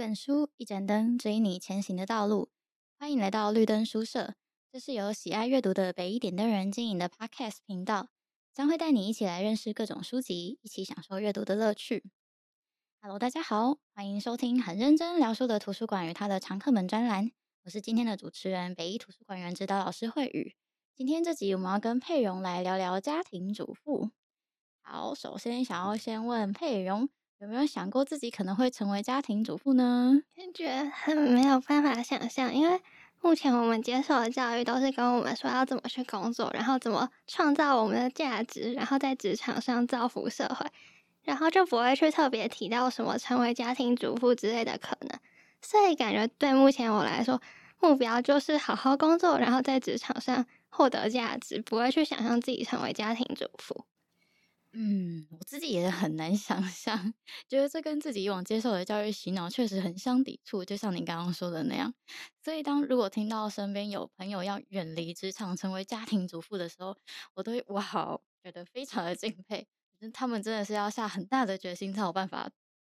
一本書，一盞燈，指引你前行的道路。歡迎來到綠燈書社，這是由喜愛閱讀的北醫點燈人經營的 Podcast 頻道，將會帶你一起來認識各種書籍，一起享受閱讀的樂趣。Hello，大家好，歡迎收聽很認真聊書的圖書館與它的常客們專欄。我是今天的主持人，北醫圖書館員指導老師蕙宇。今天這集，我們要跟霈蓉來聊聊家庭主婦。好，首先想要先問霈蓉。有沒有想過自己可能會成為家庭主婦呢？感覺很沒有辦法想象，因為目前我們接受的教育都是跟我們說要怎麼去工作，然後怎麼創造我們的價值，然後在職場上造福社會，然後就不會去特別提到什麼成為家庭主婦之類的可能。所以感覺對目前我來說，目標就是好好工作，然後在職場上獲得價值，不會去想象自己成為家庭主婦。嗯，我自己也很難想象，覺得這跟自己以往接受的教育洗腦確實很相抵觸，就像您剛剛說的那樣。所以當如果聽到身邊有朋友要遠離職場，成為家庭主婦的時候，我都會哇，覺得非常的敬佩。他們真的是要下很大的決心才有辦法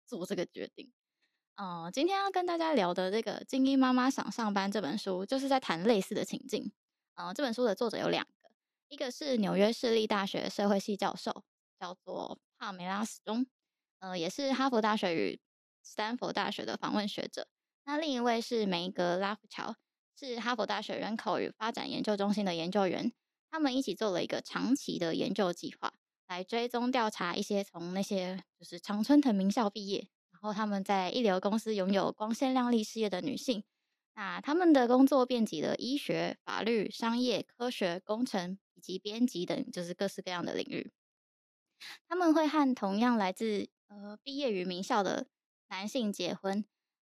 做這個決定。哦、呃，今天要跟大家聊的這個《精英媽媽想上班》這本書，就是在談類似的情境。啊、呃，這本書的作者有兩個，一個是紐約市立大學社會系教授，叫做帕梅拉·史東，呃，也是哈佛大學與史丹佛大學的訪問學者。那另一位是梅格·拉夫喬，是哈佛大學人口與發展研究中心的研究員。他們一起做了一個長期的研究計劃，來追蹤調查一些從那些就是常春藤名校畢業，然後他們在一流公司擁有光鮮亮麗事業的女性。那他們的工作遍及了醫學、法律、商業、科學、工程以及編輯等，就是各式各樣的領域。他們會和同樣來自呃畢業於名校的男性結婚，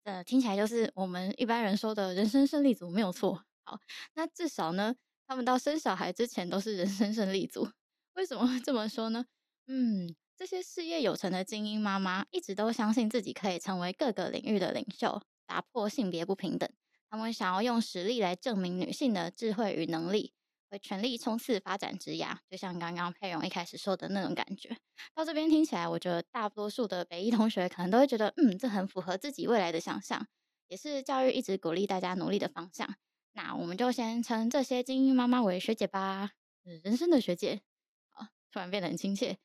呃，聽起來就是我們一般人說的人生勝利組沒有錯。好，那至少呢，他們到生小孩之前都是人生勝利組。為什麼這麼說呢？嗯，這些事業有成的精英媽媽一直都相信自己可以成為各個領域的領袖，打破性別不平等。他們想要用實力來證明女性的智慧與能力。會全力衝刺發展職涯，就像剛剛佩蓉一開始說的那種感覺。到這邊聽起來，我覺得大多數的北一同學可能都會覺得，嗯，這很符合自己未來的想象，也是教育一直鼓勵大家努力的方向。那我們就先稱這些菁英媽媽為學姐吧，人生的學姐。啊，突然變得很親切。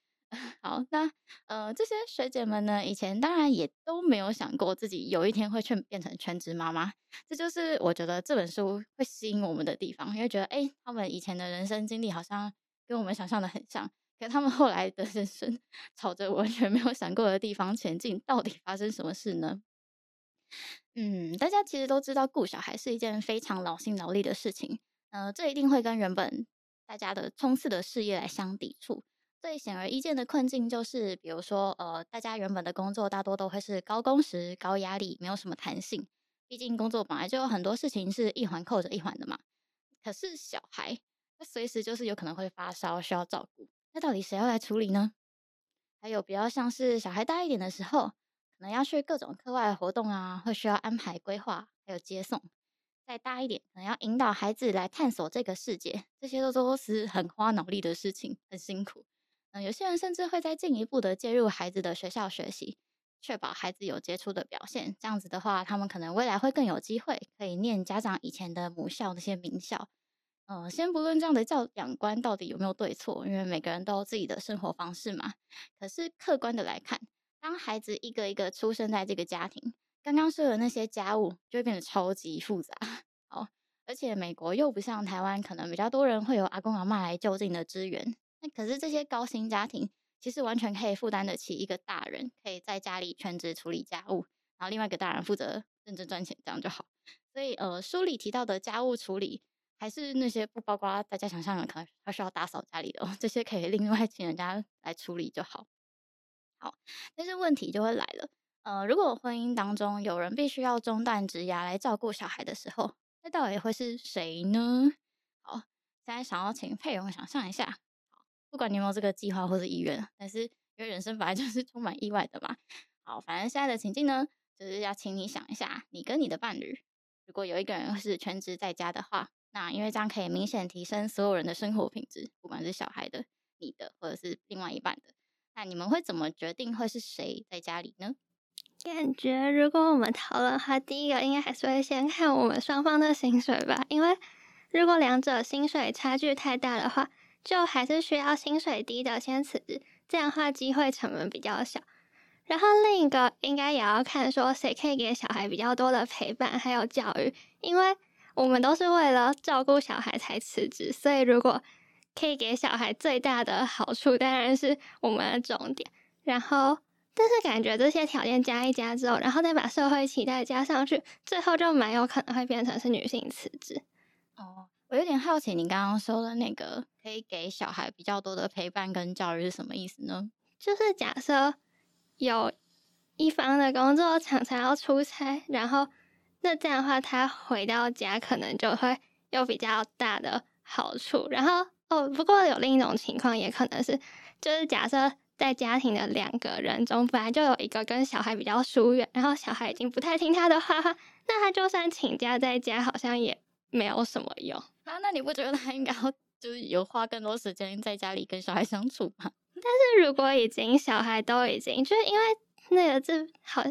好，那呃，這些學姐們呢，以前當然也都沒有想過自己有一天會去變成全職媽媽。這就是我覺得這本書會吸引我們的地方，因為覺得誒、欸，他們以前的人生經歷好像跟我們想象的很像，可是他們後來的人生朝着完全沒有想過的地方前進，到底發生什麼事呢？嗯，大家其實都知道，顧小孩是一件非常勞心勞力的事情，呃，這一定會跟原本大家的衝刺的事業來相抵觸。最顯而易見的困境就是，比如說，呃，大家原本的工作大多都會是高工時、高壓力，沒有什麼彈性。畢竟工作本來就有很多事情是一環扣着一環的嘛。可是小孩，他隨時就是有可能會發燒，需要照顧。那到底誰要來處理呢？還有比較像是小孩大一點的時候，可能要去各種課外活動啊，會需要安排規劃，還有接送。再大一點，可能要引導孩子來探索這個世界，這些都都是很花腦力的事情，很辛苦。嗯，有些人甚至會再進一步的介入孩子的學校學習，確保孩子有傑出的表現。這樣子的話，他們可能未來會更有機會可以念家長以前的母校那些名校。呃，嗯，先不論這樣的教養觀到底有沒有對錯，因為每個人都有自己的生活方式嘛。可是客觀的來看，當孩子一個一個出生在這個家庭，剛剛說的那些家務就會變得超級複雜。哦，而且美國又不像台灣，可能比較多人會有阿公阿嬤來就近的支援。可是這些高薪家庭其實完全可以負擔得起一個大人可以在家裡全職處理家務，然後另外一個大人負責認真賺錢這樣就好。所以，呃，書裡提到的家務處理，還是那些不包括大家想象的，可能還是要打掃家裡的哦，這些，可以另外請人家來處理就好。好，但是問題就會來了，呃，如果婚姻當中有人必須要中斷職涯來照顧小孩的時候，那到底會是誰呢？好，現在想要請霈蓉想象一下。不管你有沒有這個計劃或是意願，但是因為人生本來就是充滿意外的嘛。好，反正現在的情境呢，就是要請你想一下，你跟你的伴侶，如果有一個人是全職在家的話，那因為這樣可以明顯提升所有人的生活品質，不管是小孩的、你的或者是另外一半的，那你們會怎麼決定會是誰在家裡呢？感覺如果我們討論的話，第一個應該還是會先看我們雙方的薪水吧，因為如果兩者薪水差距太大的話。就還是需要薪水低的先辭職，這樣的話機會成本比較小。然後另一個應該也要看說誰可以給小孩比較多的陪伴還有教育，因為我們都是為了照顧小孩才辭職，所以如果可以給小孩最大的好處，當然是我們的重點。然後，但是感覺這些條件加一加之後，然後再把社會期待加上去，最後就蠻有可能會變成是女性辭職。哦。Oh. 我有點好奇，你剛剛說的那個可以給小孩比較多的陪伴跟教育是什麼意思呢？就是假設有一方的工作常常要出差，然後那這樣的話，他回到家可能就會有比較大的好處。然後哦，不過有另一種情況也可能是，就是假設在家庭的兩個人中，本來就有一個跟小孩比較疏遠，然後小孩已經不太聽他的話，那他就算請假在家，好像也沒有什麼用。那、啊、那你不覺得他應該要，就是有花更多時間在家裡跟小孩相處嗎？但是如果已經小孩都已經，就是因為那個這好，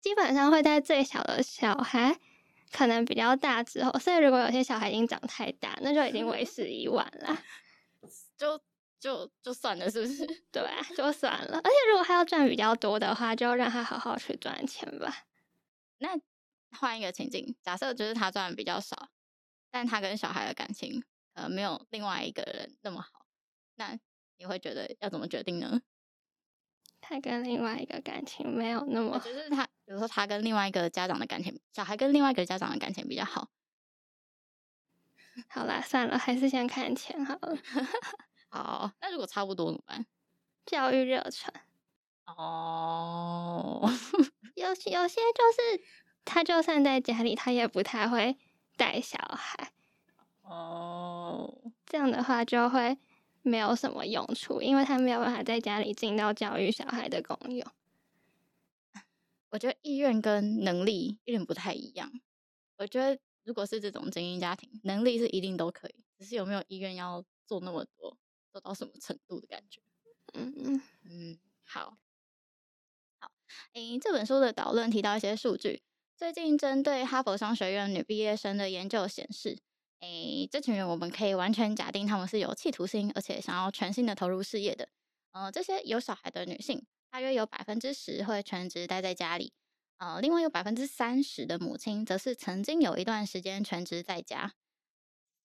基本上會在最小的小孩可能比較大之後，所以如果有些小孩已經長太大，那就已經為時已晚了， 就就就算了，是不是？ 對、啊，就算了。而且如果他要賺比較多的話，就讓他好好去賺錢吧。那換一個情景，假設就是他賺的比較少。但他跟小孩的感情，呃，沒有另外一個人那麼好。那你會覺得要怎麼決定呢？他跟另外一個感情沒有那麼好，就是他，比如說他跟另外一個家長的感情，小孩跟另外一個家長的感情比較好。好啦，算了，還是先看錢好了。 好，那如果差不多怎麼辦？教育熱忱。哦、oh， 有，有些就是，他就算在家裡，他也不太會。帶小孩哦，這樣的話就會沒有什麼用處，因為他沒有辦法在家裡盡到教育小孩的功用。我覺得意願跟能力有點不太一樣。我覺得如果是這種精英家庭，能力是一定都可以，只是有沒有意願要做那麼多，做到什麼程度的感覺？嗯嗯嗯，好，好。哎、欸，這本書的導論提到一些數據。最近針對哈佛商學院女畢業生的研究顯示，誒、欸，這群人我們可以完全假定她們是有企圖心，而且想要全心的投入事業的。呃，這些有小孩的女性，大約有百分之十會全職待在家裡。呃，另外有百分之三十的母親則是曾經有一段時間全職在家。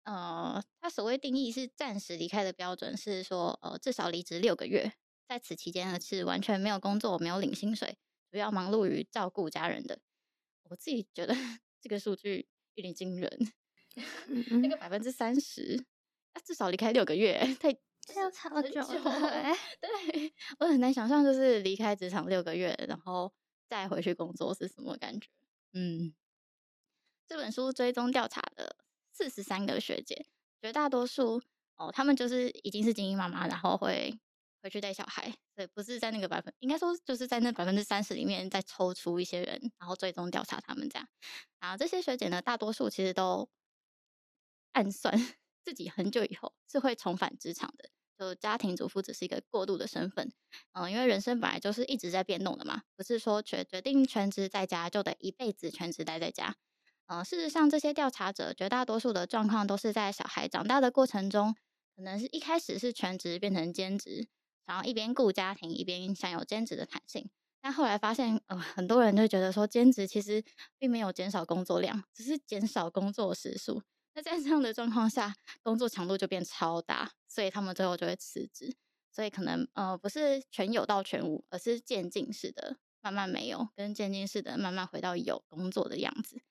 呃，他所謂定義是暫時離開的標準是說，呃，至少離職六個月，在此期間呢是完全沒有工作，沒有領薪水，主要忙碌於照顧家人的。我自己覺得這個數據有點驚人，嗯、 那個百分之三十，至少離開六個月，太，太長了，很久了，對，我很難想象就是離開職場六個月，然後再回去工作是什麼感覺。嗯，這本書追蹤調查了四十三個學姐，絕大多數哦，她們就是已經是精英媽媽，然後會，去帶小孩，對，不是在那個百分，應該說就是在那百分之三十裡面再抽出一些人，然後最終調查他們這樣。啊，這些學姐呢，大多數其實都暗算自己很久以後是會重返職場的，就家庭主婦只是一個過渡的身份。嗯、呃，因為人生本來就是一直在變動的嘛，不是說決決定全職在家就得一輩子全職待在、在家。嗯、呃，事實上，這些調查者絕大多數的狀況都是在小孩長大的過程中，可能是一開始是全職變成兼職。然後一邊顧家庭，一邊享有兼職的彈性。但後來發現，呃，很多人就覺得說，兼職其實並沒有減少工作量，只是減少工作時數。那在這樣的狀況下，工作強度就變超大，所以他們最後就會辭職。所以可能，呃，不是全有到全無，而是漸進式的慢慢沒有，跟漸進式的慢慢回到有工作的樣子。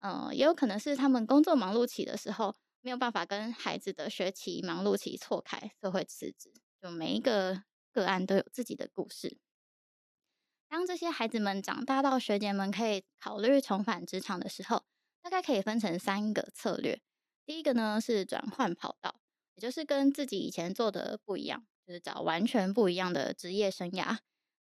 呃，也有可能是他們工作忙碌期的時候，沒有辦法跟孩子的學期忙碌期錯開，就會辭職。就每一個個案都有自己的故事。當這些孩子們長大到學姐們可以考慮重返職場的時候，大概可以分成三個策略。第一個呢，是轉換跑道，也就是跟自己以前做的不一樣，就是找完全不一樣的職業生涯。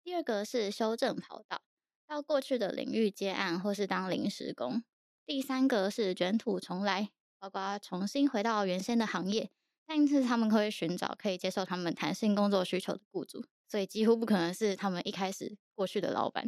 第二個是修正跑道，到過去的領域接案或是當臨時工。第三個是捲土重來，包括重新回到原先的行業。但是他們會尋找可以接受他們彈性工作需求的雇主，所以幾乎不可能是他們一開始過去的老闆。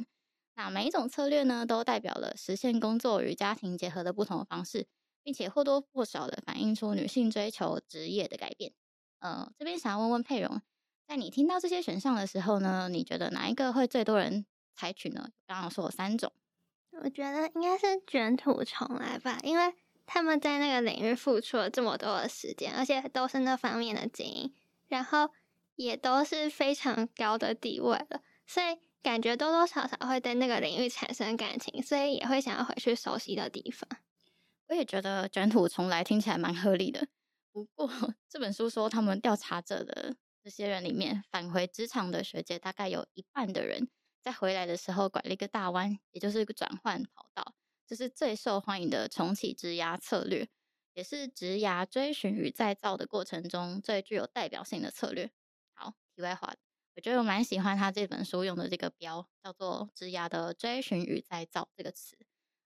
那每一種策略呢，都代表了實現工作與家庭結合的不同的方式，並且或多或少的反映出女性追求職業的改變。呃，這邊想要問問霈蓉，在你聽到這些選項的時候呢，你覺得哪一個會最多人採取呢？剛剛說了三種，我覺得應該是卷土重來吧，因為。他們在那個領域付出了這麼多的時間，而且都是那方面的精英，然後也都是非常高的地位了，所以感覺多多少少會對那個領域產生感情，所以也會想要回去熟悉的地方。我也覺得卷土重來聽起來蠻合理的。不過這本書說，他們調查者的這些人裡面，返回職場的學姐大概有一半的人，在回來的時候拐了一個大彎，也就是一個轉換跑道。這是最受歡迎的重啟職涯策略，也是職涯追尋與再造的過程中最具有代表性的策略。好，題外話，我覺得我蠻喜歡他這本書用的這個標叫做“職涯的追尋與再造”這個詞。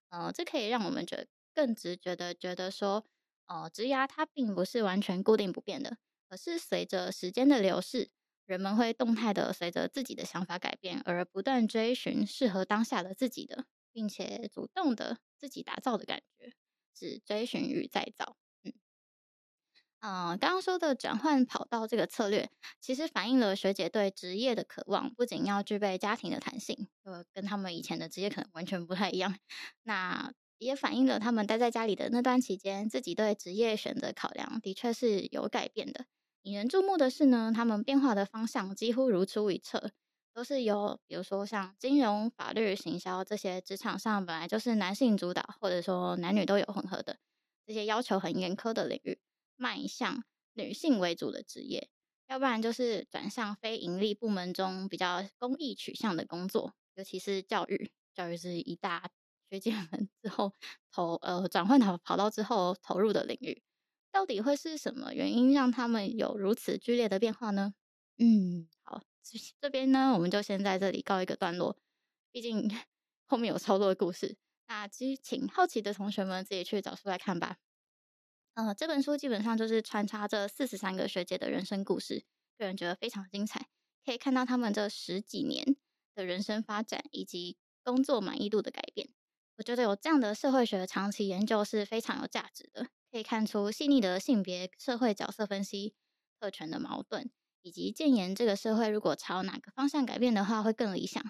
呃，這可以讓我們覺得更直覺的覺得說，呃，職涯它並不是完全固定不變的，而是隨着時間的流逝，人們會動態的隨着自己的想法改變而不斷追尋適合當下的自己的。並且主動的自己打造的感覺，只追尋與再造。嗯，呃，剛剛說的轉換跑道這個策略，其實反映了學姐對職業的渴望，不僅要具備家庭的彈性，呃，跟他們以前的職業可能完全不太一樣。那也反映了他們待在家裡的那段期間，自己對職業選擇考量的確是有改變的。引人注目的是呢，他們變化的方向幾乎如出一轍。都是由，比如說像金融、法律、行銷這些職場上本來就是男性主導，或者說男女都有混合的這些要求很嚴苛的領域，邁向女性為主的職業，要不然就是轉向非營利部門中比較公益取向的工作，尤其是教育，教育是一大學界們之後投呃，轉換跑跑道，之後投入的領域。到底會是什麼原因讓他們有如此劇烈的變化呢？嗯。這邊呢，我們就先在這裡告一個段落，畢竟後面有超多的故事。那請好奇的同學們自己去找書來看吧。呃，這本書基本上就是穿插著四十三個學姐的人生故事，個人覺得非常精彩，可以看到他們這十幾年的人生發展以及工作滿意度的改變。我覺得有這樣的社會學長期研究是非常有價值的，可以看出細膩的性別、社會角色分析、特權的矛盾。以及建言這個社會如果朝哪個方向改變的話會更理想。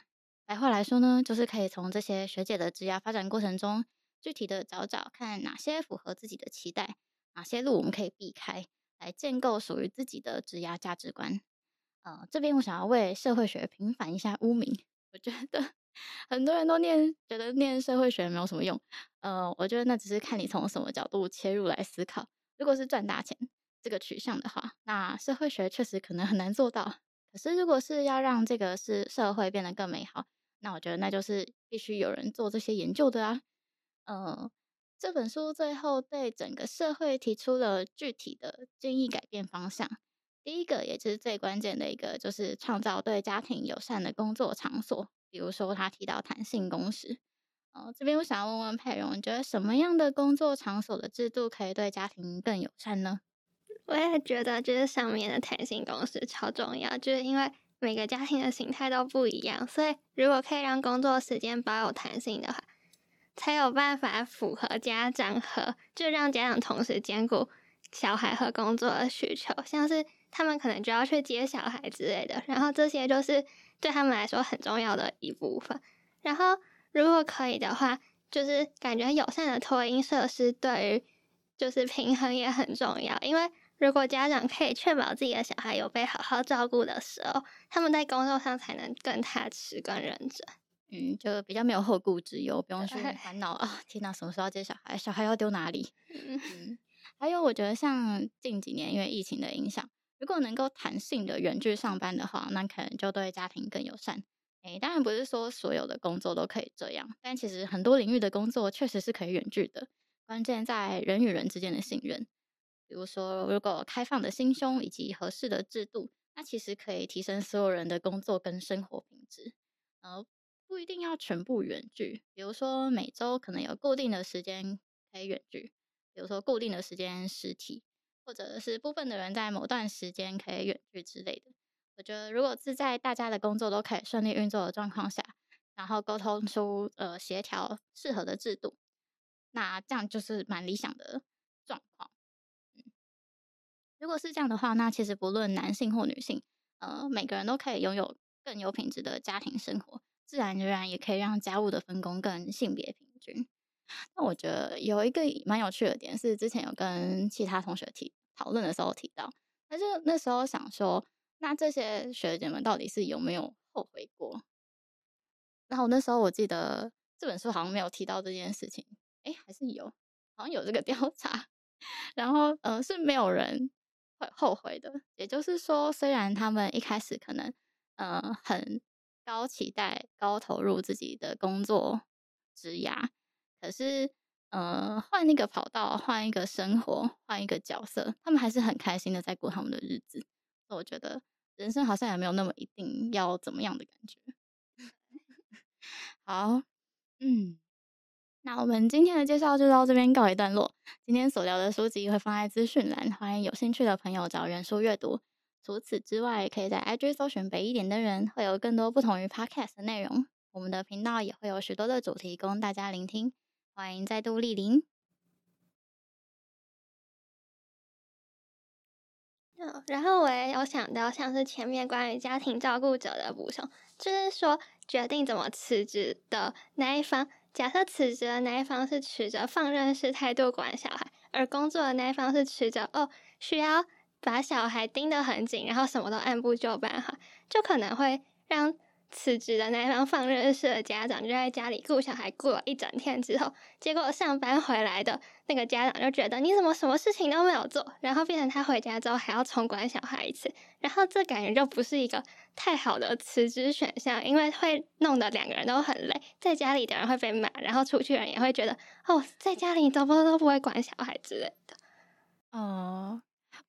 白話來說呢，就是可以從這些學姐的職涯發展過程中，具體的找找看哪些符合自己的期待，哪些路我們可以避開，來建構屬於自己的職涯價值觀。呃，這邊我想要為社會學平反一下污名。我覺得很多人都念覺得念社會學沒有什麼用。呃，我覺得那只是看你從什麼角度切入來思考。如果是賺大錢。這個取向的話，那社會學確實可能很難做到。可是，如果是要讓這個是社會變得更美好，那我覺得那就是必須有人做這些研究的啊。呃，這本書最後對整個社會提出了具體的建議，改變方向。第一個，也就是最關鍵的一個，就是創造對家庭友善的工作場所，比如說他提到彈性工時。呃，這邊我想要問問霈蓉，你覺得什麼樣的工作場所的制度可以對家庭更友善呢？我也覺得，就是上面的彈性公式超重要，就是因為每個家庭的形態都不一樣，所以如果可以讓工作時間保有彈性的話，才有辦法符合家長和就讓家長同時兼顧小孩和工作的需求，像是他們可能就要去接小孩之類的，然後這些就是對他們來說很重要的一部分。然後如果可以的話，就是感覺友善的托嬰設施對於就是平衡也很重要，因為。如果家長可以確保自己的小孩有被好好照顧的時候，他們在工作上才能更踏實、更認真。嗯，就比較沒有後顧之憂，不用去煩惱啊，天哪、啊，什麼時候接小孩，小孩要丟哪裡？嗯，嗯，還有我覺得像近幾年因為疫情的影響，如果能夠彈性的遠距上班的話，那可能就對家庭更友善。誒、欸，當然不是說所有的工作都可以這樣，但其實很多領域的工作確實是可以遠距的，關鍵在人與人之間的信任。比如說，如果開放的心胸以及合適的制度，那其實可以提升所有人的工作跟生活品質。呃，不一定要全部遠距，比如說每周可能有固定的時間可以遠距，比如說固定的時間實體，或者是部分的人在某段時間可以遠距之類的。我覺得，如果是在大家的工作都可以順利運作的狀況下，然後溝通出呃協調適合的制度，那這樣就是蠻理想的。如果是這樣的話，那其實不論男性或女性，呃，每個人都可以擁有更有品質的家庭生活，自然而然也可以讓家務的分工更性別平均。那我覺得有一個蠻有趣的點是，之前有跟其他同學提討論的時候提到，那就那時候想說，那這些學姐們到底是有沒有後悔過？然後那時候我記得這本書好像沒有提到這件事情，誒，還是有，好像有這個調查，然後呃，是沒有人。會後悔的，也就是說，雖然他們一開始可能，呃，很高期待、高投入自己的工作、職涯，可是，呃，換一個跑道，換一個生活，換一個角色，他們還是很開心的在過他們的日子。所以我覺得人生好像也沒有那麼一定要怎麼樣的感覺。 好，嗯。那我們今天的介紹就到這邊告一段落。今天所聊的書籍會放在資訊欄，歡迎有興趣的朋友找原書閱讀。除此之外，可以在 IG 搜尋“北一點的人”，會有更多不同於 Podcast 的內容。我們的頻道也會有許多的主題供大家聆聽，歡迎再度蒞臨。嗯，然後我也有想到，像是前面關於家庭照顧者的補充，就是說決定怎麼辭職的那一方。假設辭職的那一方是持着放任式態度管小孩，而工作的那一方是持着哦，需要把小孩盯得很緊，然後什麼都按部就班哈，就可能會讓。辭職的那一方，放任式的家長就在家裡顧小孩過了一整天之後，結果上班回來的那個家長就覺得你怎麼什麼事情都沒有做，然後變成他回家之後還要重管小孩一次，然後這感覺就不是一個太好的辭職選項，因為會弄得兩個人都很累，在家裡的人會被罵，然後出去的人也會覺得哦，在家裡你都不，都不會管小孩之類的。哦、呃，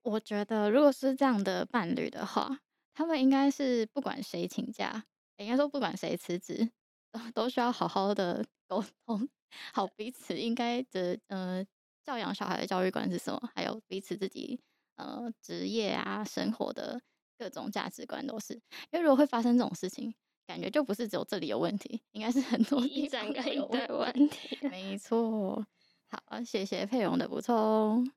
我覺得如果是這樣的伴侶的話，他們應該是不管誰請假。應該說，不管誰辭職，都需要好好的溝通，好彼此應該的，呃，教養小孩的教育觀是什麼，還有彼此自己，呃，職業啊、生活的各種價值觀都是。因為如果會發生這種事情，感覺就不是只有這裡有問題，應該是很多地方應該有問題。問題沒錯，好，謝謝霈蓉的補充。